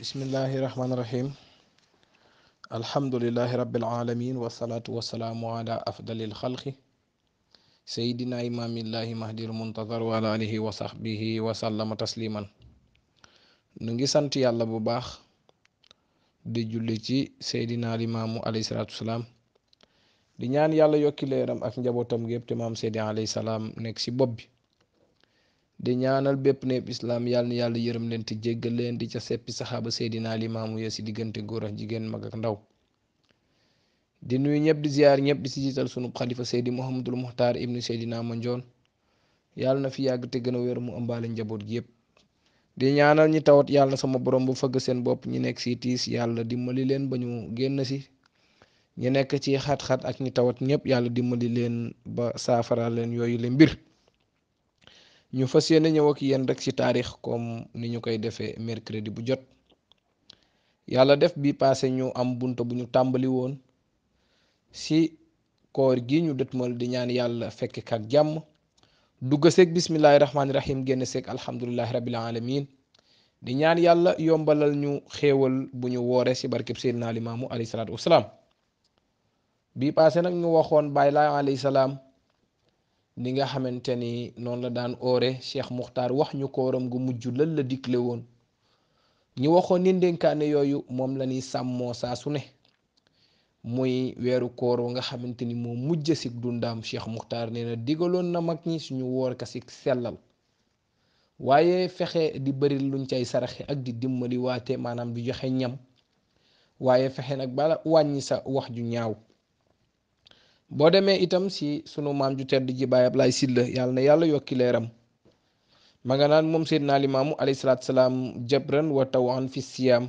bismillahi rahmaani rahiim alhamdulilahi rabbil aalamiin wasalaatu wasalaamu ala afdalil xalqi sayidina imaamillahi mahdil muntazar wa ala alihi wa sahbihi wa tasliman nu ngi sant yàlla bu baax di julli ci sayidina limaamu alayhi salaatu wasalaam ñaan yàlla yokki leeram ak njabootam gépp te maam seydi alayhi salaam nekk ci bopp bi di ñaanal bépp neeb islaam yàlla na yàlla yërëm leen te jéggal leen di ca seppi saxaaba seydinaa limaamu ya si diggante góor ak jigéen mag ak ndaw di nuyu ñëpp di ziyaar ñëpp di si jiital sunu xalifa seydi muhammadul muxtaar ibnu seydinaa manjoon yàlla na fi yàgg te gën a wér mu ëmbaale njaboot gi yëpp di ñaanal ñi tawat yàlla sama borom bu fëgg seen bopp ñu nekk si tiis yàlla dimbali leen ba ñu génn si ñu nekk ci xat-xat ak ñi tawat ñëpp yàlla dimbali leen ba saafara leen yooyu le mbir ñu fasiyene yéene ñëw ak yéen rek ci tarikh comme ni ñu koy defé mercredi bu jot yalla def bi passé ñu am buntu bu ñu tambali won ci koor gi ñu detmal di ñaan yalla fekk ak jàmm du seeg bismillahir rahmanir rahim genn sek alhamdullilah rabbil alamin di ñaan yalla yombalal ñu xewal bu ñu woré ci barkeb seydina limaamu bi passé nak ñu waxon bay la alayhi salam ni nga xamante ni noonu la daan oore Cheikh Muxtaar wax ñu kooram gu mujj lan la digle woon ñu waxoon ni ndénkaane yooyu moom la ñuy sàmmoo saa su ne muy weeru koor nga xamante ni moo mujj si dundaam Cheikh Muxtaar nee na diggaloon na mag ñi suñu woor ka si sellal waaye fexe di bëri luñ cay saraxe ak di dimbali waate maanaam di joxe ñam waaye fexe nag bala wàññi sa wax ju ñaaw bo demee itam si sunu maam ju tedd ji Baay Ablaay Sylla yàlla na yàlla yokki leeram ma nga mom moom Seydina Limaamu alayhi salatu salaam jabran wa tawan fi siyam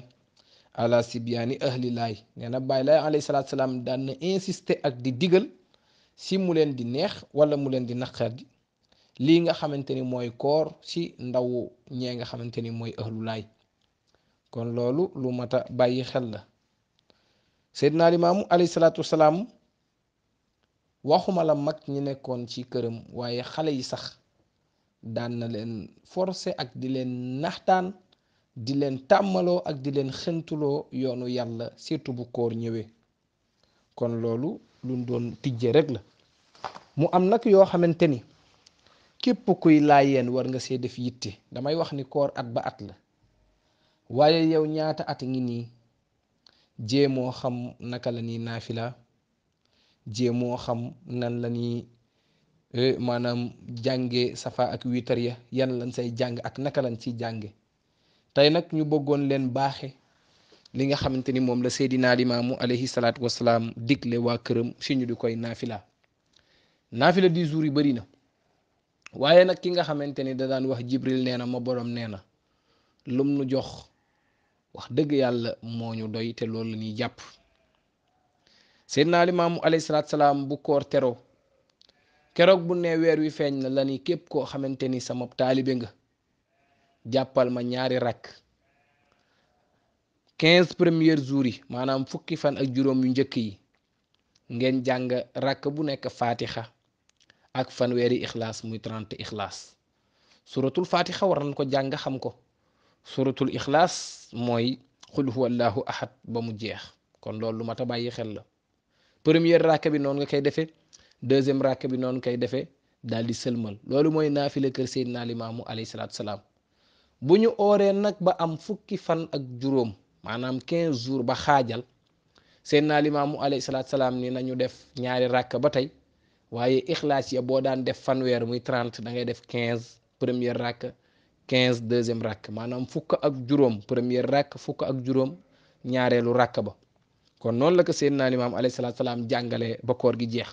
ala sibyani ahli lay. neena baye lay Laay alayhi salaatu salaam insister ak di digal si mu len di neex wala mu len di naqar li nga xamanteni moy koor si ndaw ñe nga xamanteni moy ahlu lay. kon lolu lu mata a xel la Seydina mamu alayhi salatu salam waxuma la mag ñi nekkoon ci këram waaye xale yi sax daan na leen forcer ak di leen naxtaan di leen tàmmaloo ak di leen xentuloo yoonu yàlla surtout bu koor ñëwee kon loolu lu doon tijje rek la mu am nag yoo xamante ni képp kuy laayeen war nga see def yitte damay wax ni koor at ba at la waaye yow ñaata at ngi nii jéemoo xam naka la ni naafila jéemoo xam nan la ñuy eh, maanaam jànge safa ak witar ya yan lañ say jàng ak naka lañ ciy jànge tey nag ñu bëggoon leen baaxe li nga xamante ni moom la Seydina Limaamu alayhi salaatu wasalaam digle waa këram si ñu di koy naafila naafila di jour yi bari na waaye nag ki nga xamante ni da daan wax Jibril nee na ma borom nee na lum nu jox wax dëgg yàlla moo ñu doy te loolu la ñuy jàpp seydina limaamu alayhi salaatu salaam bu koor teroo keroog bu ne weer wi feeñ na la ni képp koo xamante ni sama taalibe nga jàppal ma ñaari rakk quinze premiers jours yi maanaam fukki fan ak juróom yu njëkk yi ngeen jàng rakk bu nekk faatixa ak fanweeri ixlaas muy trente ixlaas suratul faatixa war nañ ko jàng xam ko suratul ixlaas mooy xul huwallahu ahad ba mu jeex kon loolu lu mat a bàyyi xel la première rakk bi noonu nga koy defee deuxième rakk bi noonu koy defee daal di sëlmal loolu mooy naafila kër Seydina Limaamu alayhi salaatu salaam bu ñu ooree nag ba am fukki fan ak juróom maanaam 15 jours ba xaajal Seydina Limaamu alayhi salaatu salaam ni nañu def ñaari rakk ba tey waaye ixlaas boo daan def fanweer muy 30 da ngay def 15 première rakk 15 deuxième rakk maanaam fukk ak juróom première rakk fukk ak juróom ñaareelu rakk ba. kon noonu la ko Seydina Limaam alayhi salaatu salaam jàngale ba koor gi jeex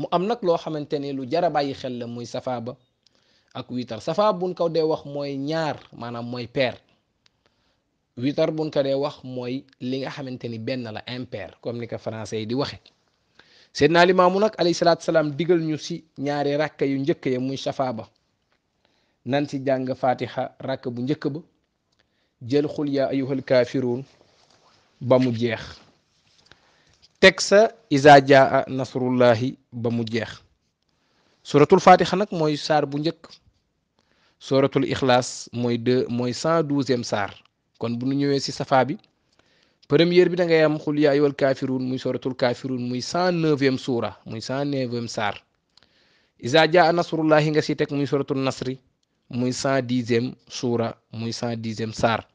mu am nag loo xamante ni lu jar a bàyyi xel la muy safa ba ak witar safa buñ ko dee wax mooy ñaar maanaam mooy paire witar buñ ko dee wax mooy li nga xamante ni benn la impair comme ni ko français yi di waxe Seydina Limaamu nag alayhi salaatu salaam digal ñu si ñaari ràkk yu njëkk ya muy safa ba nan si jàng fatiha rakk bu njëkk ba jël xul yaa ayuhal kaafiruun ba mu jeex teg sa iza jaa nasrullahi ba mu jeex suratul fatiha nag mooy saar bu njëkk suratul ixlaas mooy deux mooy cent douzième saar kon bu nu ñëwee ci safa bi première bi da ngay am xul yaa ayyuhal kaafiruun muy suratul kaafiruun muy cent neuvième suura muy cent neuvième saar iza jaa nasrullahi nga ci teg muy suratul nasri muy cent dixième suura muy cent dixième saar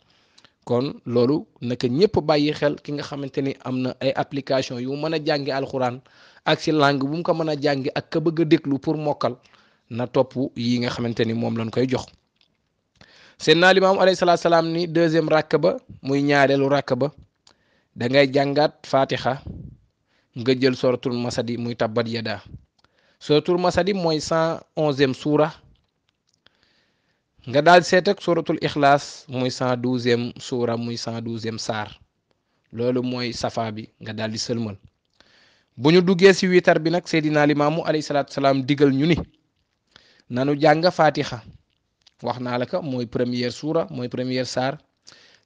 kon loolu naka ñëpp bàyyi xel ki nga xamante ni am na ay application yu mën a jàngi alxuraan ak si langue bu mu ko mën a jàngi ak ka bëgg a déglu pour mokkal na topp yi nga xamante ni moom lañ koy jox seen naa limaam alayhi salaatu salaam ni deuxième ràkk ba muy ñaareelu ràkk ba da ngay jàngaat fatiha nga jël soratul masadi muy tabbat yada soratul masadi mooy cent onzième suura nga dal seet ak suratul ikhlas moy 112e sura moy 112e sar lolou moy safa bi nga dal di sëlmal buñu duggé ci witar bi nak sayidina limamu alayhi salatu salaam digal ñu ni nanu jàng fatiha waxna la ko moy premier sura moy premier sar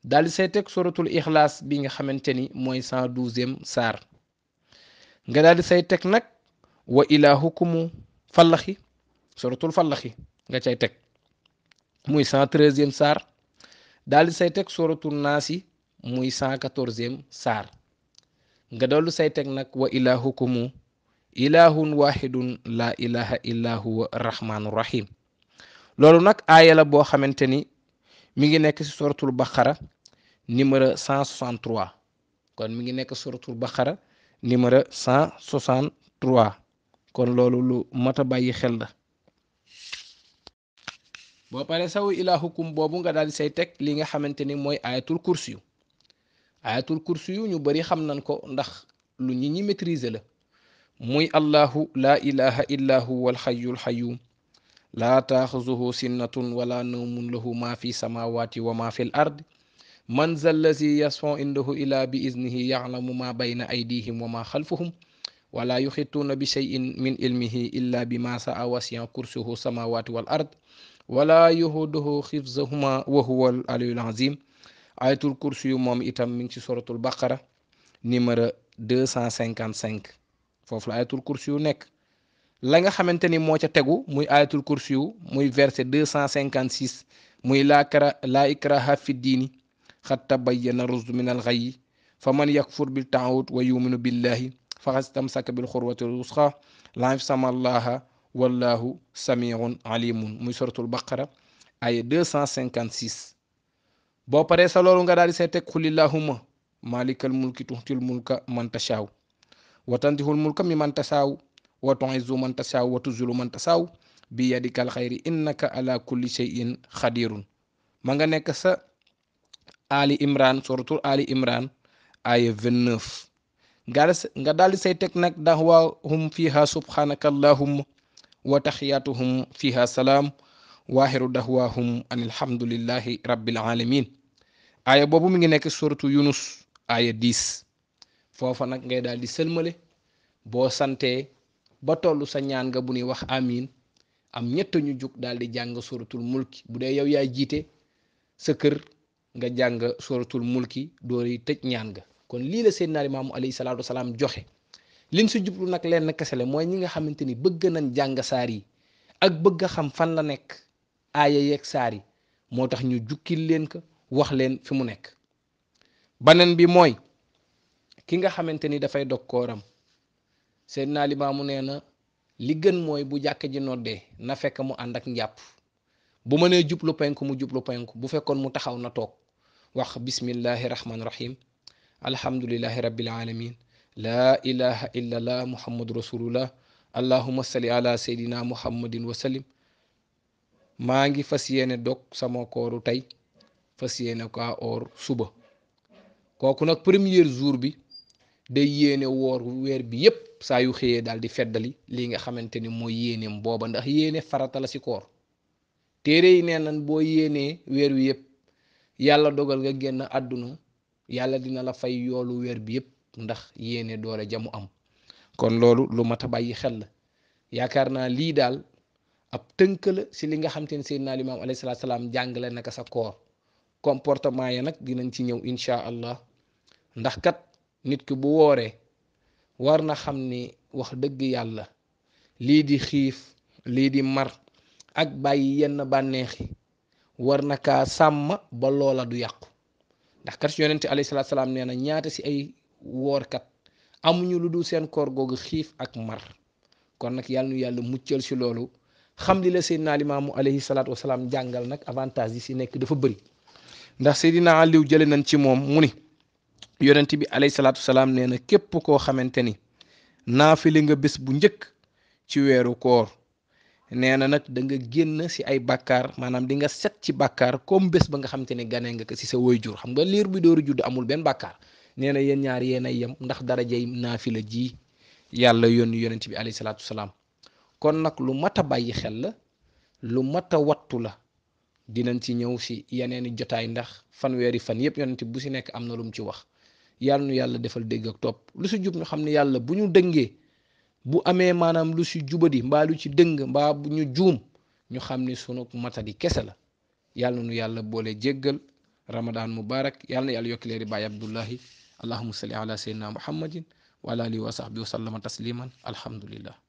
dal di ak suratul ikhlas bi nga xamanteni moy 112e sar nga dal di say tek nak wa ilahukum fallaxi suratul fallaxi nga cey tek muy cent treizième saar daal di say teg sóoratu naas yi muy cent quatorzième saar nga dollu say teg nag wa ilahukumu ilahun wahidun la ilaha illa huwa rahmanu rahim loolu nag aaya boo xamante ni mu ngi nekk si sóoratul baqara numéro cent soixante trois kon mu ngi nekk sóoratul baqara numéro cent soixante trois kon loolu lu mat a bàyyi xel la bo pare saw hukum bobu nga dal say tek li nga xamanteni moy ayatul kursi ayatul kursi ñu bari xam nañ ko ndax lu ñi ñi maîtriser la moy allah la ilaha illa huwa al hayy al taaxuzuhu لا تاخذه سنة ولا نوم له samawati في السماوات وما في ard من ذا الذي yasfon عنده إلا bi يعلم ما بين أيديهم وما خلفهم ولا يحيطون بشيء من علمه إلا min ilmihi illa bi السماوات والأرض samawati wal ard wala yahuduhu xifzahuma wa huwa al aliyul azim ayatul kursi yu moom itam mi ngi ci soratul baqara numéro deux cent cinquante cinq foofu la ayatul kursi yu nekk la nga xamante ni moo ca tegu muy ayatul kursi yu muy verset deux cent cinquante six muy laa kara laa ikraha fi diini xat tabayyana rusdu min al xayyi fa man yakfur bil taawut wa yuminu billahi faxas tamsaka bil xurwati lusqa laa infisama allaha wallahu samiun alimun muy suratul baqara aya 256 boo paree sa loolu nga daal di see teg xulillahuma malikal mulki tuxtil mulka man tashaaw wa tantihul mulka mi man tashaaw wa tuizzu man tashaaw wa tuzulu man tashaaw bi yadikal xayri innaka ala kulli cheyin xadirun ma nga nekk sa ali imran suratul ali imran aya 29 nga nga daal di say teg nag daxwaahum fiha subhanaka allahumma wa taxiyatuhum fiha salaam waaxiru daxwaahum an alhamdulillahi rabbil alamin aaya boobu mi ngi nekk suratu yunus aaya 10 foofa nag ngay daal di sëlmale boo santee ba toll sa ñaan nga bu ñuy wax amin am ñett ñu jug daal di jàng suratul mulki bu dee yow yaay jiite sa kër nga jàng suratul mulki doori tëj ñaan nga kon lii la seen naar imaamu alayhi salaatu wasalaam joxe liñ si jublu nag lenn kese la mooy ñi nga xamante ni bëgg nañ jàng saar yi ak bëgg a xam fan la nekk aaya yeeg saar moo tax ñu jukkil leen ko wax leen fi mu nekk beneen bi mooy ki nga xamante ni dafay dog kooram seen naa limaamu nee na li gën mooy bu jàkk ji noddee na fekk mu ànd ak njàpp bu nee jublu penk mu jublu penku bu fekkoon mu taxaw na toog wax bismillahi rahmaani rahim alhamdulillahi rabbil alamin laa ilaha illallah muhammadu rasulullah allahuma salli ala seydina muhammadin wasallim maa ngi fas yéene dog sama kooru tey fas yéene kaa oor suba kooku nag premier jour bi day yéene woor weer bi yépp saa yu xëyee daal di feddali lii nga xamante ni mooy yéeneem booba ndax yéene farata la ci koor téere yi nee nan boo yéenee weer wi yépp yàlla dogal nga génn àdduna yàlla dina la fay yoolu weer bi yépp ndax yéene doole jamu am kon loolu lu mat a bàyyi xel la yaakaar naa lii daal ab tënk la si li nga xam te ne Seydina Limaam alayhi salaatu salaam jàngale naka sa koor comportement ya nag dinañ ci ñëw incha allah ndax kat nit ki bu wooree war na xam ni wax dëgg yàlla lii di xiif lii di mar ak bàyyi yenn bànneexi war na kaa sàmm ba loola du yàqu ndax kat yonente alayhi salaatu salaam nee na ñaata si ay woorkat amuñu lu dul seen koor googu xiif ak mar kon nag yàlla nu yàlla muccal si loolu xam li la seydina limaamu alayhi salaatu wasalaam jàngal nag avantage yi si nekk dafa bëri ndax seydina aliw jële nañ ci moom mu ni yonent bi alayhi salaatu wasalaam nee na képp koo xamante ni naafili nga bés bu njëkk ci weeru koor nee na da nga génn si ay bàkkaar manam di nga set ci bàkkaar comme bés ba nga xamante ne ganee nga ko sa woy xam nga liir bi dooru judd amul benn bàkkaar nee na yéen ñaar yéen a yem ndax darajey naafila ji yàlla yónni yonent bi alayhi salaatu salaam kon nag lu mat a bàyyi xel la lu mat a wattu la dinañ ci ñëw si yeneeni jotaay ndax fanweeri fan yëpp yonent bu si nekk am na lu mu ci wax yàlla nu yàlla defal dégg ak topp lu si jub ñu xam ne yàlla bu ñu dëngee bu amee maanaam lu si jubadi mbaa lu ci dëng mbaa bu ñu juum ñu xam ni sunu matadi kese la yàlla nu yàlla boole jéggal ramadaan mubarak yàlla yàlla yokki leeri baay abdullahi اللهم صل على سيدنا محمد وعلى اله وصحبه وسلم تسليما الحمد لله